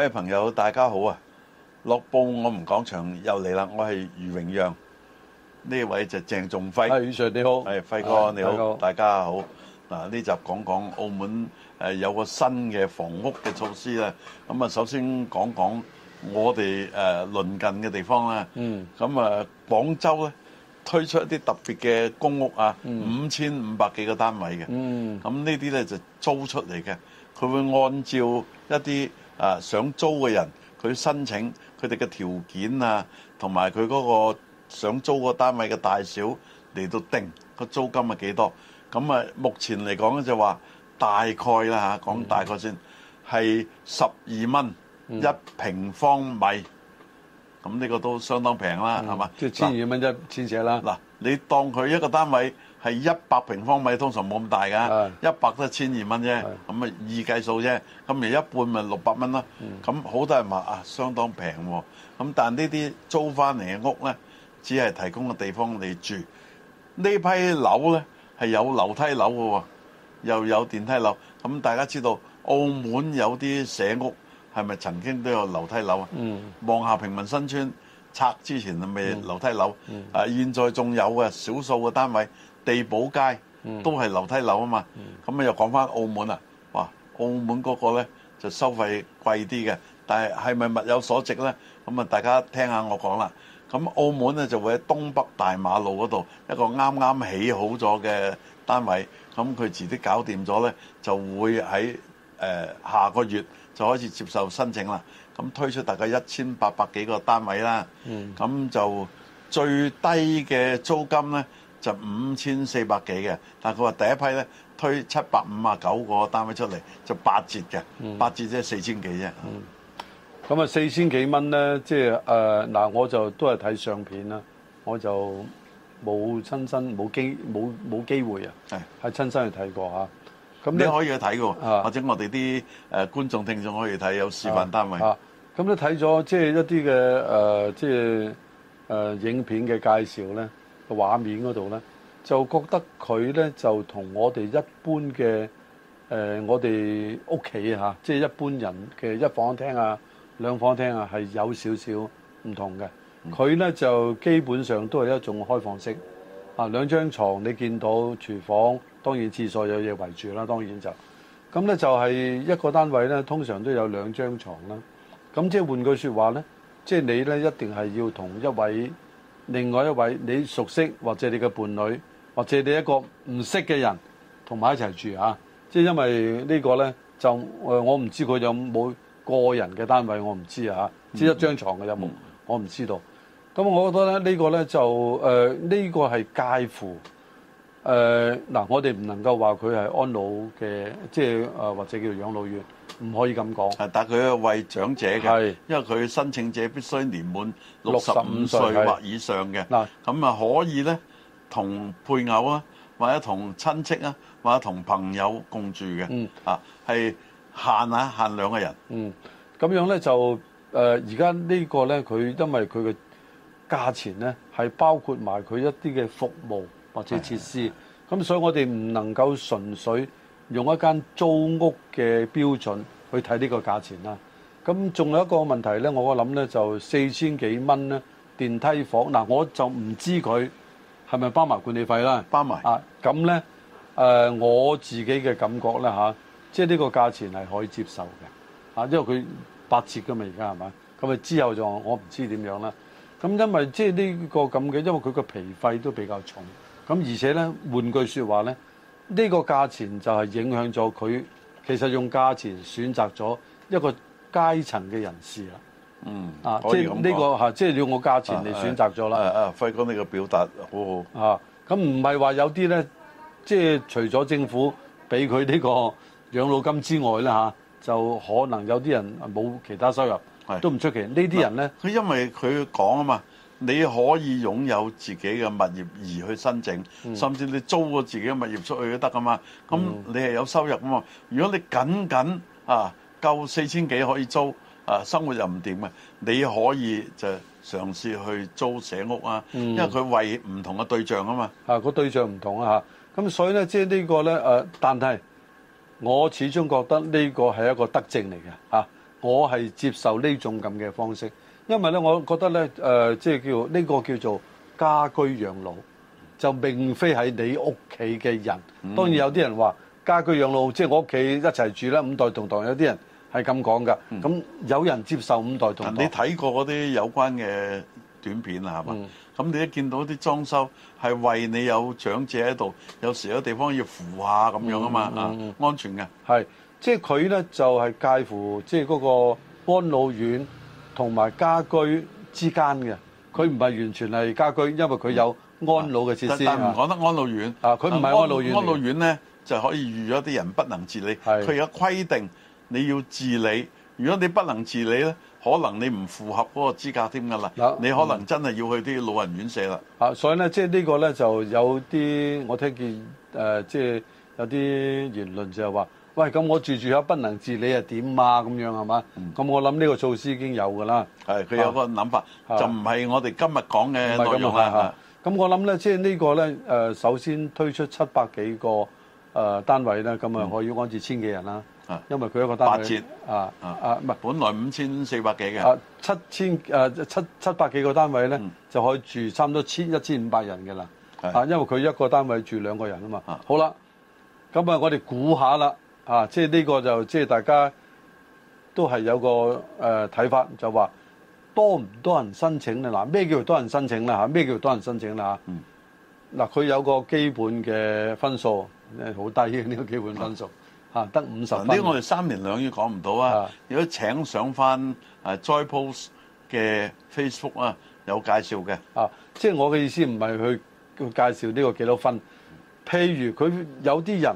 各位朋友，大家好啊！樂報我們講場又嚟啦，我係余榮讓，呢位就鄭仲輝。阿宇 sir 你好，係輝哥你好，大家好。嗱，呢集講講澳門誒，有個新嘅房屋嘅措施啦。咁啊，首先講講我哋誒鄰近嘅地方啦。嗯。咁啊，廣州咧推出一啲特別嘅公屋啊，五千五百幾個單位嘅。嗯。咁呢啲咧就租出嚟嘅，佢會按照一啲。啊，想租嘅人佢申請佢哋嘅條件啊，同埋佢嗰個想租個單位嘅大小嚟到定個租金係幾多？咁啊，目前嚟講咧就話大概啦嚇，講、啊、大概先係十二蚊一平方米，咁、嗯、呢個都相當平啦，係、嗯、嘛？即係千二蚊一千尺啦。嗱、啊啊，你當佢一個單位。係一百平方米通常冇咁大㗎，一百都千二蚊啫，咁啊二計數啫，咁咪一半咪六百蚊囉。咁、嗯、好多人話啊，相當平喎、啊。咁但這些回來的呢啲租翻嚟嘅屋咧，只係提供個地方嚟住。呢批樓咧係有樓梯樓嘅喎、啊，又有電梯樓。咁大家知道澳門有啲社屋係咪曾經都有樓梯樓啊？望、嗯嗯、下平民新村拆之前係咪樓梯樓？嗯嗯啊現在仲有嘅少數嘅單位。地堡街都係樓梯樓啊嘛，咁啊又講翻澳門啊，哇！澳門嗰個咧就收費貴啲嘅，但係係咪物有所值咧？咁啊，大家聽下我講啦。咁澳門咧就會喺東北大馬路嗰度一個啱啱起好咗嘅單位，咁佢自己搞掂咗咧，就會喺誒下個月就開始接受申請啦。咁推出大概一千八百幾個單位啦，咁就最低嘅租金咧。就五千四百幾嘅，但係佢話第一批咧推七百五啊九個單位出嚟，就八折嘅，八折即係、嗯嗯、四千幾啫。咁、就、啊、是，四千幾蚊咧，即係誒嗱，我就都係睇相片啦，我就冇親身冇機冇冇機會啊，係親身去睇過吓。咁你，你可以去睇嘅喎，或者我哋啲誒觀眾聽眾可以睇有示範單位。咁你睇咗即係一啲嘅誒即係誒影片嘅介紹咧？畫面嗰度呢，就覺得佢呢，就同我哋一般嘅、呃、我哋屋企吓，即係一般人嘅一房廳啊、兩房廳啊，係有少少唔同嘅。佢呢，就基本上都係一種開放式啊，兩張床，你見到，廚房當然廁所有嘢圍住啦、啊，當然就咁呢，就係一個單位呢，通常都有兩張床啦。咁即係換句說話呢，即係你呢，一定係要同一位。另外一位你熟悉或者你嘅伴侶，或者你一個唔識嘅人，同埋一齊住啊！即係因為個呢個咧，就誒、呃、我唔知佢有冇個人嘅單位，我唔知啊！只一張床嘅有冇，我唔知道。咁、啊嗯我，嗯、我覺得咧，這個、呢、呃這個咧就誒呢個係介乎。誒、呃、嗱，我哋唔能夠話佢係安老嘅，即係誒或者叫做養老院，唔可以咁講。係，但係佢係為長者嘅，係因為佢申請者必須年滿六十五歲或以上嘅，嗱，咁啊可以咧同配偶啊或者同親戚啊或者同朋友共住嘅，嗯啊係限啊限兩個人，嗯咁樣咧就誒而家呢個咧佢因為佢嘅價錢咧係包括埋佢一啲嘅服務。或者設施，咁所以我哋唔能夠純粹用一間租屋嘅標準去睇呢個價錢啦。咁仲有一個問題呢，我諗呢就四千幾蚊呢電梯房嗱，我就唔知佢係咪包埋管理費啦包、啊，包埋啊咁呢誒、呃，我自己嘅感覺呢嚇、啊，即係呢個價錢係可以接受嘅、啊、因為佢八折噶嘛，而家係咪咁啊？之後就我唔知點樣啦。咁因為即係呢個咁嘅，因為佢個皮費都比較重。咁而且咧，換句說話咧，呢個價錢就係影響咗佢，其實用價錢選擇咗一個階層嘅人士啦。嗯，啊，即係呢個嚇，即係用個價錢嚟選擇咗啦。啊啊，輝哥你個表達好好。咁唔係話有啲咧，即係除咗政府俾佢呢個養老金之外呢，啊，就可能有啲人冇其他收入，都唔出奇。呢啲人咧，佢因為佢講啊嘛。你可以擁有自己嘅物業而去申請，嗯、甚至你租個自己嘅物業出去都得噶嘛。咁、嗯、你係有收入噶嘛？如果你僅僅啊夠四千幾可以租啊，生活又唔掂嘅。你可以就嘗試去租社屋啊，嗯、因為佢為唔同嘅對象啊嘛。啊，個對象唔同啊。咁所以咧，即、就、係、是、呢個咧、啊、但係我始終覺得呢個係一個德政嚟嘅嚇，我係接受呢種咁嘅方式。因為咧，我覺得咧，誒，即係叫呢個叫做家居養老，就並非係你屋企嘅人。當然有啲人話家居養老，即係我屋企一齊住啦，五代同堂。有啲人係咁講噶。咁、嗯、有人接受五代同堂。你睇過嗰啲有關嘅短片啦，係嘛？咁、嗯、你一見到啲裝修係為你有長者喺度，有時有地方要扶下咁樣啊嘛、嗯嗯嗯，安全嘅。係，即係佢咧就係介乎即係嗰個安老院，同埋家居之間嘅，佢唔係完全係家居，因為佢有安老嘅設施、嗯、但唔講得安老院啊，佢唔係安老院。安老院咧就可以預咗啲人不能自理。佢有規定你要自理，如果你不能自理咧，可能你唔符合嗰個資格添㗎啦。你可能真係要去啲老人院舍啦。啊，所以咧，即係呢個咧就有啲，我聽見誒，即係有啲言論就係話。喂，咁我住住下不能自理係點啊？咁樣係嘛？咁、嗯、我諗呢個措施已經有㗎啦。係，佢有個諗法，啊、就唔係我哋今日講嘅內容啦。咁我諗咧，即係呢、呢個咧、呃，首先推出七百幾個誒、呃、單位咧，咁啊可以安置千幾人啦。嗯、因為佢一個單位八折啊啊啊唔係，本來五千四百幾嘅，啊，七千誒、呃、七七百幾個單位咧，嗯、就可以住差唔多千一千五百人㗎啦。啊，因為佢一個單位住兩個人啊嘛。啊好啦，咁啊我哋估下啦。啊，即係呢個就即係大家都係有個誒睇、呃、法，就話多唔多人申請啊嗱，咩叫多人申請咧？吓咩叫多人申請咧？嗯嗱，佢、啊、有個基本嘅分數好低呢、這個基本分數嚇，得五十分。呢、啊這個、我哋三言兩語講唔到啊，啊！如果請上返誒 Joypost 嘅 Facebook 啊，有介紹嘅。啊，即係我嘅意思唔係去介紹呢個幾多分，譬如佢有啲人。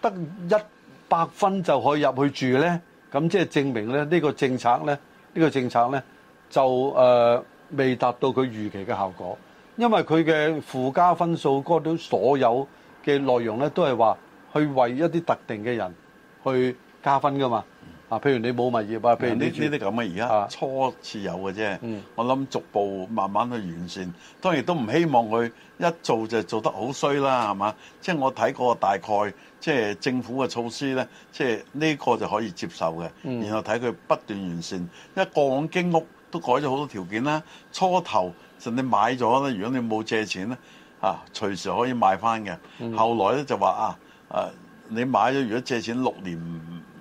得一百分就可以入去住咧，咁即係證明咧，呢個政策咧，呢個政策咧就誒未達到佢預期嘅效果，因為佢嘅附加分數嗰種，所有嘅內容咧，都係話去為一啲特定嘅人去加分噶嘛。啊，譬如你冇物業啊，譬如呢呢啲咁嘅，而家初次有嘅啫。我諗逐步慢慢去完善，嗯、當然都唔希望佢一做就做得好衰啦，係嘛？即係我睇過大概，即係政府嘅措施咧，即係呢個就可以接受嘅。然後睇佢不斷完善，因為過往經屋都改咗好多條件啦。初頭甚至買咗咧，如果你冇借錢咧，啊隨時可以買翻嘅。後來咧就話啊，誒你買咗如果借錢六年。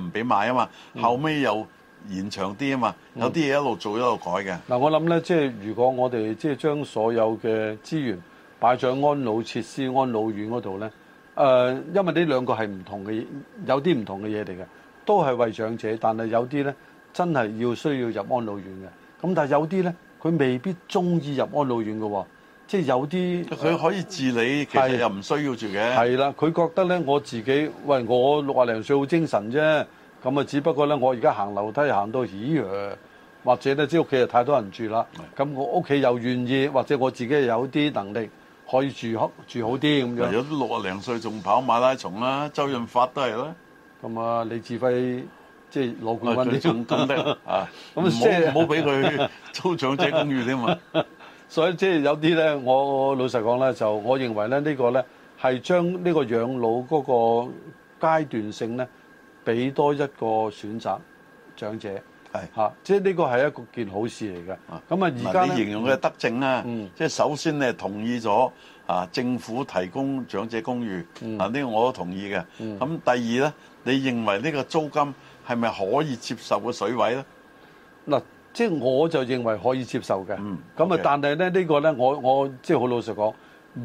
唔俾買啊嘛，後尾又延長啲啊嘛，有啲嘢一路做一路改嘅。嗱、嗯嗯，我諗呢，即係如果我哋即係將所有嘅資源擺喺安老設施、安老院嗰度呢，誒、呃，因為呢兩個係唔同嘅，有啲唔同嘅嘢嚟嘅，都係為長者，但係有啲呢，真係要需要入安老院嘅。咁但係有啲呢，佢未必中意入安老院嘅。即係有啲佢可以自理、嗯，其實又唔需要住嘅。係啦，佢覺得咧，我自己喂，我六啊零歲好精神啫。咁啊，只不過咧，我而家行樓梯行到咦、哎？或者咧，即屋企又太多人住啦。咁我屋企又願意，或者我自己有啲能力可以住好住好啲咁樣。有啲六啊零歲仲跑馬拉松啦、啊，周潤發都係啦。咁、哎、 啊，李志輝即係攞冠軍，你仲啊？咁唔唔好俾佢租長者公寓啫嘛。所以即係有啲咧，我老實講咧，就我認為咧，呢個咧係將呢個養老嗰個階段性咧，俾多一個選擇長者，係嚇，即係呢個係一個件好事嚟嘅。咁啊，而家你形容嘅德政咧、啊嗯，即係首先咧同意咗啊，政府提供長者公寓、嗯，呢、啊、個我都同意嘅。咁第二咧，你認為呢個租金係咪可以接受嘅水位咧？嗱。即係我就認為可以接受嘅。咁啊，但係咧呢個咧，我我即係好老實講，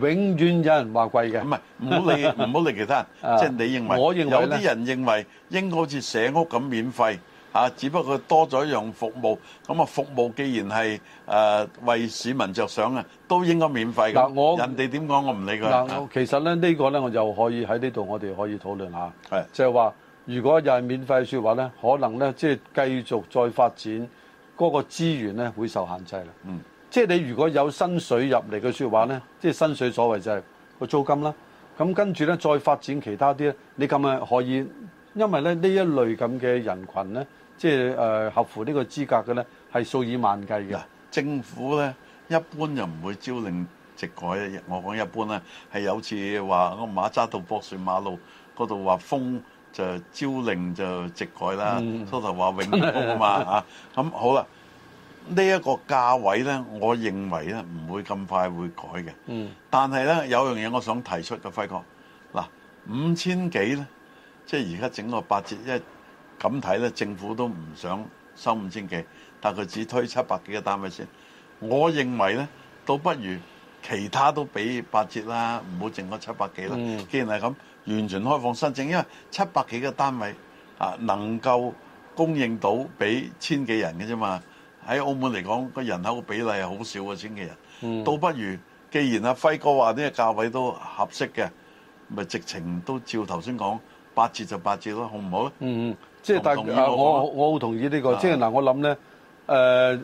永遠有人話貴嘅，唔係唔好理，唔好理其他人，即係你認為。我認為咧，有啲人認為應該好似社屋咁免費嚇，只不過多咗一樣服務咁啊。服務既然係誒為市民著想啊，都應該免費㗎。嗱，我人哋點講我唔理佢啦。嗱，其實咧呢個咧，我就可以喺呢度我哋可以討論下，就係話如果又係免費説話咧，可能咧即係繼續再發展。嗰、那個資源咧會受限制啦、嗯，即係你如果有薪水入嚟嘅説話咧，即係薪水所謂就係個租金啦。咁跟住咧再發展其他啲咧，你咁樣可以，因為咧呢一類咁嘅人群咧，即係誒、呃、合乎呢個資格嘅咧係數以萬計嘅。政府咧一般就唔會朝令夕改，我講一般咧係有次話個馬揸度博士大馬路嗰度話封。就朝令就直改啦，初、嗯、頭話永久嘛咁、啊嗯、好啦。呢、這、一個價位咧，我認為咧唔會咁快會改嘅。嗯，但係咧有樣嘢我想提出嘅輝哥，嗱五千幾咧，即係而家整個八折，即係咁睇咧，政府都唔想收五千幾，但佢只推七百幾個單位先。我認為咧，倒不如。其他都俾八折啦，唔好剩咗七百幾啦、嗯。既然係咁，完全開放申請，因為七百幾個單位啊，能夠供應到俾千幾人嘅啫嘛。喺澳門嚟講，個人口比例好少嘅千幾人、嗯，倒不如既然阿輝哥話個價位都合適嘅，咪直情都照頭先講八折就八折咯，好唔好？嗯嗯，即係但係我我好同意呢個，即係嗱，我諗咧誒，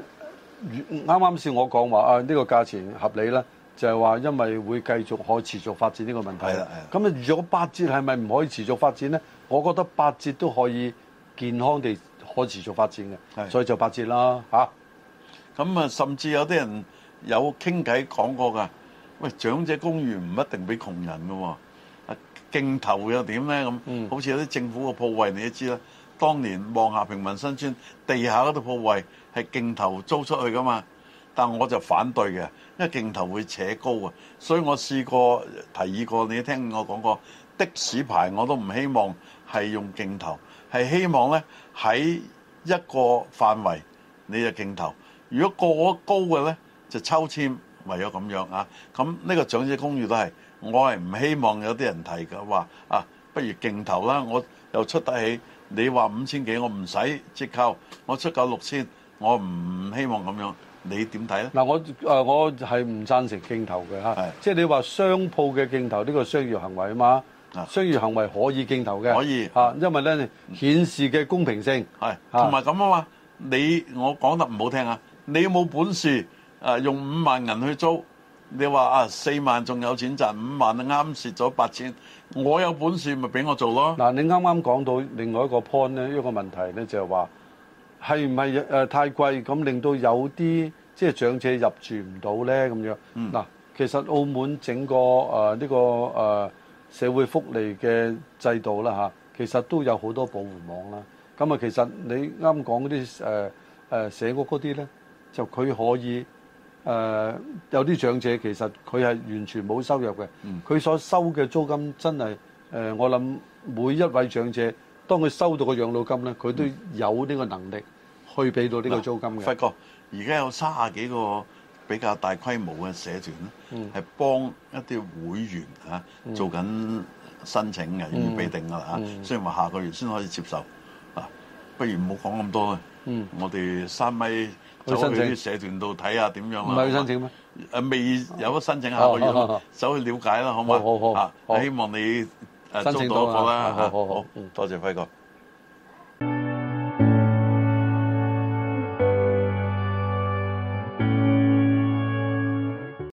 啱啱先我講話啊，呢個價錢合理啦。就係話，因為會繼續可持續發展呢個問題。係咁啊，如果八折係咪唔可以持續發展咧？我覺得八折都可以健康地可持續發展嘅，所以就八折啦嚇。咁啊，甚至有啲人有傾偈講過噶。喂，長者公寓唔一定俾窮人嘅喎，競投又點咧咁？嗯，好似有啲政府嘅鋪位，你都知啦。當年望下平民新村地下嗰度鋪位係競投租出去㗎嘛。但我就反對嘅，因為競投會扯高啊，所以我試過提議過，你聽我講過的士牌我都唔希望係用競投，係希望呢喺一個範圍你嘅競投。如果過咗高嘅呢，就抽籤，唯有咁樣啊。咁呢個長者公寓都係我係唔希望有啲人提嘅話啊，不如競投啦，我又出得起。你話五千幾，我唔使折扣，我出夠六千，我唔希望咁樣。你點睇咧？嗱，我誒我係唔贊成競投嘅嚇，即係你話商鋪嘅競投呢個商業行為啊嘛，商業行為可以競投嘅，可以嚇，因為咧顯示嘅公平性係同埋咁啊嘛。你我講得唔好聽啊，你有冇本事、呃、用五萬銀去租，你話啊四萬仲有錢賺，五萬啱蝕咗八千，我有本事咪俾我做咯。嗱、啊，你啱啱講到另外一個 point 咧，一個問題咧就係、是、話。係唔係太貴咁令到有啲即係長者入住唔到呢？咁樣？嗱、嗯，其實澳門整個誒呢、呃這個誒、呃、社會福利嘅制度啦、啊、其實都有好多保護網啦。咁啊，其實你啱講嗰啲誒誒社屋嗰啲呢，就佢可以誒、呃、有啲長者其實佢係完全冇收入嘅，佢、嗯、所收嘅租金真係、呃、我諗每一位長者當佢收到個養老金呢，佢都有呢個能力。嗯嗯去俾到呢個租金嘅輝哥，而、啊、家有卅幾個比較大規模嘅社團咧，係、嗯、幫一啲會員、啊嗯、做緊申請嘅預備定㗎啦嚇。雖然話下個月先可以接受，啊，不如唔好講咁多。嗯，我哋三米走去啲社團度睇下點樣啦。唔係去申請咩、啊？未有得申請下個月，走去了解啦，好唔好？好好，啊，希望你申請到啦、啊啊。好好好，多謝輝哥。